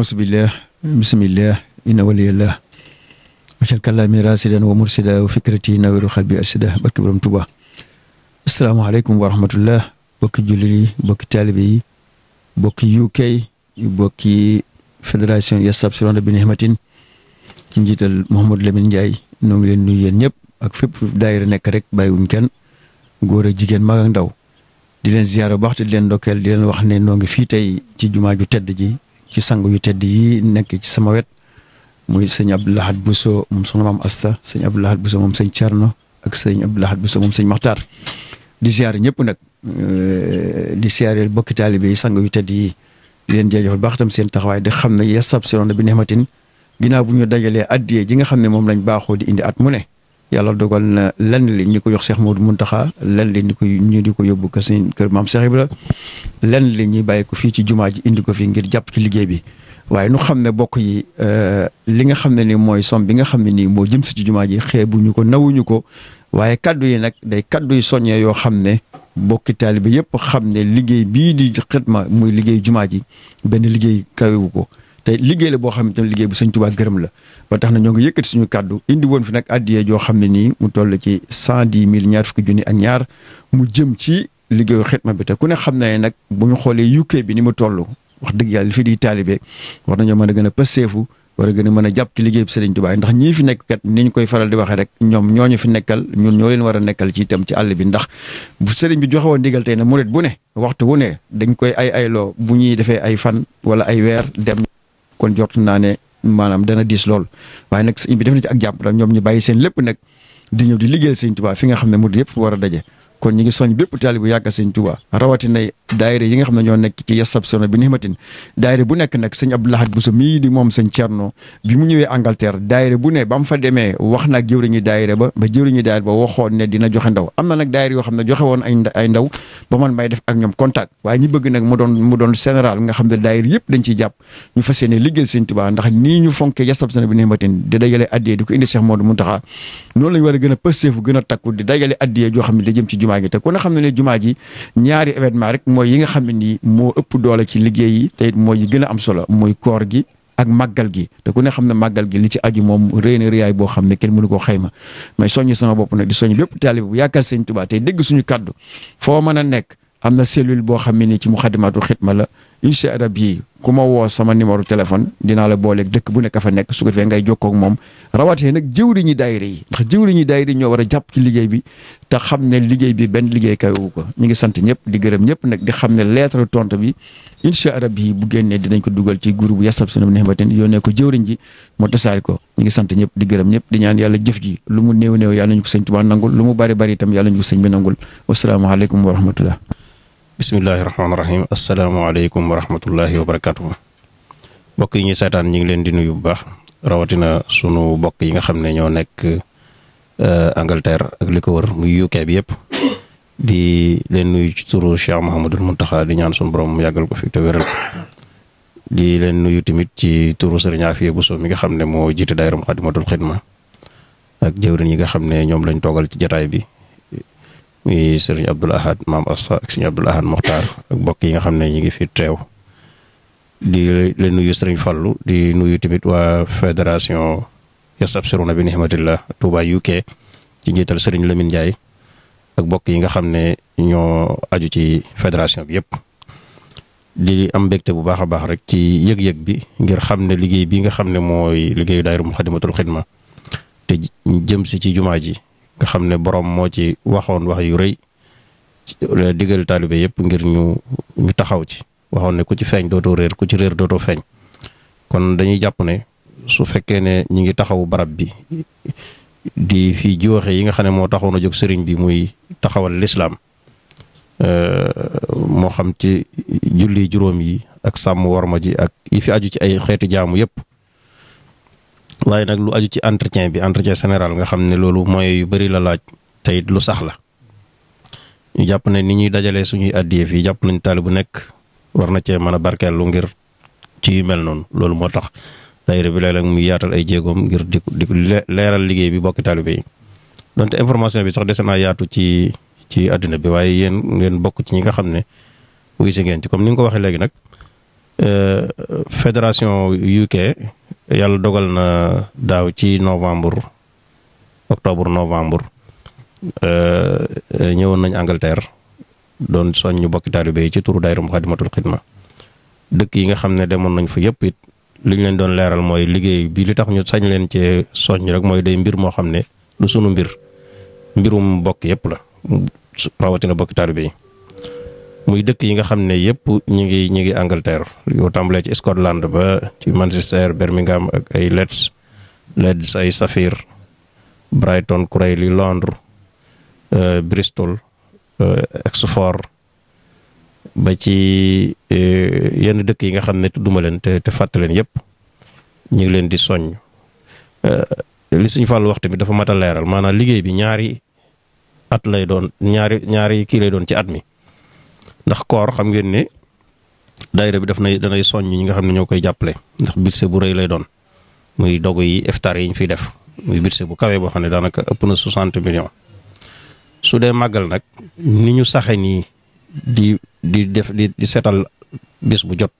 axusubillah bisimillah inna waliyallah wajal kalaami rasidan wa mursida wa fikrati nawiru xalbi arsida barki borom tuba asalaamaaleykum wa rahmatullah bokki jullit yi bokki taalibe yi bokki UK bokki fédération yastabsiruna bi nihmatin ci njiital Mouhamadou Lamine Ndiaye noo ngi leen nuyu yéen ñëpp ak fépp fu nekk rek bàyyiwuñ kenn góor ak jigéen mag ak ndaw di leen ziyaara bu di leen ndokkeel di leen wax ne ngi fii tey ci jumaa ju tedd ji ci sang yu tedd yi nekk ci sama wet muy sëñ Abdou Lahad Bousso moom soxna maam Asta sëñ Abdou Lahad Bousso moom sëñ Thierno ak sëñ Abdou Lahad Bousso moom sëñ Maxtaar di siyaare ñëpp nag euh, di siyaare bokki taalibe yi sang yu tedd yi di leen jaajëfal baax tam seen taxawaay di xam ne yasab siroon na bi nexmatin ginnaaw bu ñu dajalee addiyee ji nga xam ne moom lañ baaxoo di indi at mu ne yàlla dogal na lenn li ñu ko jox Cheikh Modou Mountakha lenn li ñu ko ñu di ko yóbbu ko kër maam Cheikh Ibra lenn li ñuy bàyyi ko fii ci jumaa ji indi ko fii ngir jàpp ci liggéey bi waaye nu xam ne bokk yi euh, li nga xam ne ni mooy som bi nga xam ne nii moo jëm si ci jumaa ji xeebuñu ko nawuñu ko waaye kaddu yi nag day kaddu yi soññee yoo xam ne bokki taalibe yëpp xam ne liggéey bii di xidma muy liggéey jumaa ji benn liggéey kawewu ko te liggéey la boo xam ne tamit liggéey bu sëñ Tuubaa gërëm la ba tax na ñoo ngi yëkkati suñu kàddu indi fi nag addiyee joo xam ne nii mu toll ci cent dix mil ñaar fukki junni ak ñaar mu jëm ci liggéeyu ma bi te ku ne xam na ne nag bu ñu xoolee UK bi ni mu toll wax dëgg yàlla li fi di taalibe war nañoo mën a gën a pëseefu war a gën a mën a jàpp ci liggéey bi ndax ñii fi nekk kat ni ñu koy faral di waxee rek ñoom ñooñu fi nekkal ñun ñoo leen war a nekkal ci itam ci àll bi ndax bu sëriñ bi joxe woon ndigal tey ne murit bu ne waxtu wu ne dañ koy ay ayloo bu ñuy defee ay fan wala ay dem kon jot naa ne maanaam dana diis lool waaye nag sëñ bi def na ci ak jàpp ñoom ñu bàyyi seen lépp nag di ñëw di liggéeyal sëñ Tuubaa fi nga xam ne murid yëpp war a daje kon ñi ngi soñ bépp taalibu yàgg sëñ Tuubaa rawatina daayira yi nga xam ne ñoo nekk ci yasabsona bi nihmatin daayira bu nekk nag sëñ Abdou Lahad bi wax na ak jëwriñu daayira ba ba jëwriñu na nag yoo xam ne joxe woon ay ay ndaw ba man may def ak ñoom contact ne daayira yëpp dañ ciy di dajale addiyee di ko indi Cheikh noonu lañ war a gën a pësteefu gën a takku di dajale addiyee joo xam ne da jëm ci jumaa te ku ne xam ne ne jumaa ji ñaari événement rek mooy yi nga xam ne nii moo ëpp doole ci liggéey yi te it mooy gën a am solo mooy koor gi ak màggal gi te ku ne xam ne màggal gi li ci aju moom réy na boo xam ne kenn mënu koo xayma mais soññ sama bopp nag di soññ bépp taalibe bu yaakaar sëñ Tuubaa tey dégg suñu kàddu foo mën a nekk am na cellule boo xam ne nii ci Muxaddamatul Xidma la incha allah bii ku ma woo sama numéro téléphone dinaa la booleeg dëkk bu nekk a fa nekk su ko ngay jokkoo ak moom rawatina nag jëwriñu daayira yi ndax jëwriñu daayira ñoo war a jàpp ci liggéey bi te xam ne liggéey bi benn liggéey kawewu ko ñu ngi sant ñëpp di gërëm ñëpp nag di xam ne lettre tontu bi incha allah bi bu génnee dinañ ko dugal ci groupe yasab sunu nehmatin yónnee ko jëwriñ ji moo tasaari ko ñu ngi sant ñëpp di gërëm ñëpp di ñaan yàlla jëf ji lu mu néew new yàlla ñu ko sëñ Tuubaa nangul lu mu bari bari itam yàlla ñu ko sëñ bi nangul wasalaamaaleykum wa rahmatullah bismillaahi rahmaani rahiim asalaamaaleykum wa rahmatullaahi wa barakaatu. mbokk yi ñuy seetaan ñu ngi leen di nuyu bu baax rawatina sunu mbokk yi nga xam ne ñoo nekk euh, Angleterre ak li ko wër muy UK bi yëpp. di leen nuyu ci turu Cheikh Mouhamadul Mountakha di ñaan sunu borom mu yàggal ko fi te wéral di leen nuyu tamit ci turu Sëriñ Afiya Buso mi nga xam ne moo jiite daayiram Xadimatul Xidma ak jëwriñ yi nga xam ne ñoom lañ toogal ci jataay bi. muy sëriñ Abdul Ahad maam Assa ak sëriñ Abdul Ahad Mokhtar ak mbokk yi nga xam ne ñu ngi fi teew di la nuyu sëriñ Fallu di nuyu tamit waa fédération yastabsiruna bi nihmatillah Touba UK ci njiital sëriñ Lamine Ndiaye ak mbokk yi nga xam ne ñoo aju ci fédération bi yëpp. di am mbégte bu baax a baax rek ci yëg-yëg bi ngir xam ne liggéey bi nga xam ne mooy liggéeyu daayiru Muxaddamatul Xidma te jëm si ci jumaa ji nga xam ne borom moo ci waxoon wax yu rëy digal taalibe yëpp ngir ñu taxaw ci waxoon ne ku ci feeñ dootoo réer ku ci réer dootoo feeñ kon dañuy jàpp ne su fekkee ne ñi ngi taxaw barab bi di fi jooxe yi nga xam ne moo taxawoon a jóg sëriñ bi muy taxawal lislaam euh, moo xam ci julli juróom yi ak sàmm warma ji ak yi fi aju ci ay xeeti jaamu yëpp waaye nag lu aju ci entretien bi entretien général nga xam ne loolu mooy yu bëri la laaj teyit lu sax la ñu jàpp ne ni ñuy dajalee suñuy addiye fii jàpp nañ taali bu nekk war na cee mën a barkeelu ngir ci yu mel noonu loolu moo tax daayira bi léeg-léeg mu yaatal ay jéegoom ngir di leeral liggéey bi bokki taalibe yi donte information bi sax dese naa yaatu ci ci àddina bi waaye yéen ngeen bokk ci ñi nga xam ne wuyu si ngeen ci comme ni nga ko waxee léegi nag Euh, fédération UK yàlla dogal na daaw ci novembre octobre novembre euh, ñëwoon nañ Angleterre doon soññ bokki taalibe yi ci turu daayira Muxaddamatul Xidma dëkk yi nga xam ne demoon nañ fa yëpp it li ñu leen doon leeral mooy liggéey bi li tax ñu sañ leen cee soññ rek mooy day mbir moo xam ne lu sunu mbir mbirum mbokk yëpp la rawatina bokki taalibe yi muy dëkk yi nga xam ne yëpp ñu ngi ñu ngi Angleterre yoo tàmbalee ci Scotland ba ci Manchester Birmingham ak ay Leeds Leeds ay Saphir Brighton Crawley Londres euh, Bristol euh, Oxford ba ci euh, yenn dëkk yi nga xam ne tudduma leen te te fàtte leen yëpp ñu ngi leen di soññ li suñ fàllu wax tamit dafa mat a leeral maanaam liggéey bi ñaari at lay doon ñaari ñaari kii lay doon ci at mi ndax koor xam ngeen ne daayira bi daf nay danay soññ ñi nga xam ne ñoo koy jàppale ndax budget bu rëy lay doon muy dogu yi iftaar yi ñu fiy def muy budget bu kawee boo xam ne daanaka ëpp na 60 millions su dee màggal nag ni ñu saxee nii di di def di di seetal bis bu jot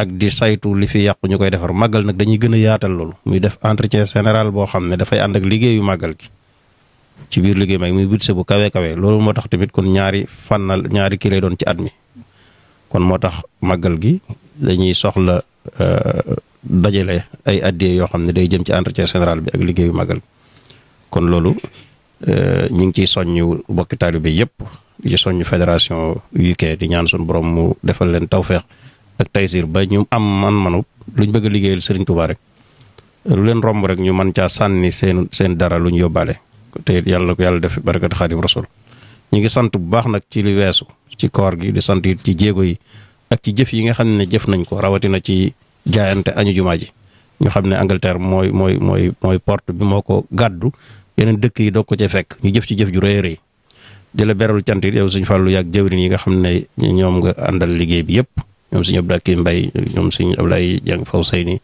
ak di saytu li fi yàqu ñu koy defar màggal nag dañuy gën a yaatal loolu muy def entretien général boo xam ne dafay ànd ak liggéeyu màggal gi ci biir liggéey mag muy budget bu kawe kawe loolu moo tax tamit kon ñaari fànnal ñaari kii doon ci at mi kon moo tax màggal gi dañuy soxla euh, dajale ay addiyee yoo xam ne day jëm ci entretien général bi ak liggéeyu màggal kon loolu euh, ñu ngi ciy soññu bokki taalibe yëpp di ci soññ fédération UK di ñaan suñu borom mu defal leen tawfeex ak taysir ba ñu am man manu luñ bëgg a liggéeyal Serigne Touba rek lu leen romb rek ñu mën caa sànni seen seen dara lu ñu yóbbaale te it yàlla na ko yàlla def barakat xaadim rasul ñu ngi sant bu baax nag ci li weesu ci koor gi di sant it ci jéego yi ak ci jëf yi nga xam ne jëf nañ ko rawatina ci jaayante añu jumaa ji ñu xam ne Angleterre mooy mooy mooy mooy porte bi moo ko gàddu yeneen dëkk yi doog ko cee fekk ñu jëf ci jëf ju rëy a rëy di la beral cant yi yow suñu fàllu yàgg jëwrin yi nga xam ne ñoom nga àndal liggéey bi yëpp ñoom suñu Abdou Akim Mbaye ñoom suñu Abdoulaye Dieng Faw Seyni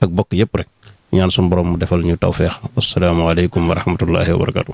ak bokk yëpp rek ñaan suñu borom mu defal ñu tawféex asalaamaaleykum wa rahmatullahi wa barakatu.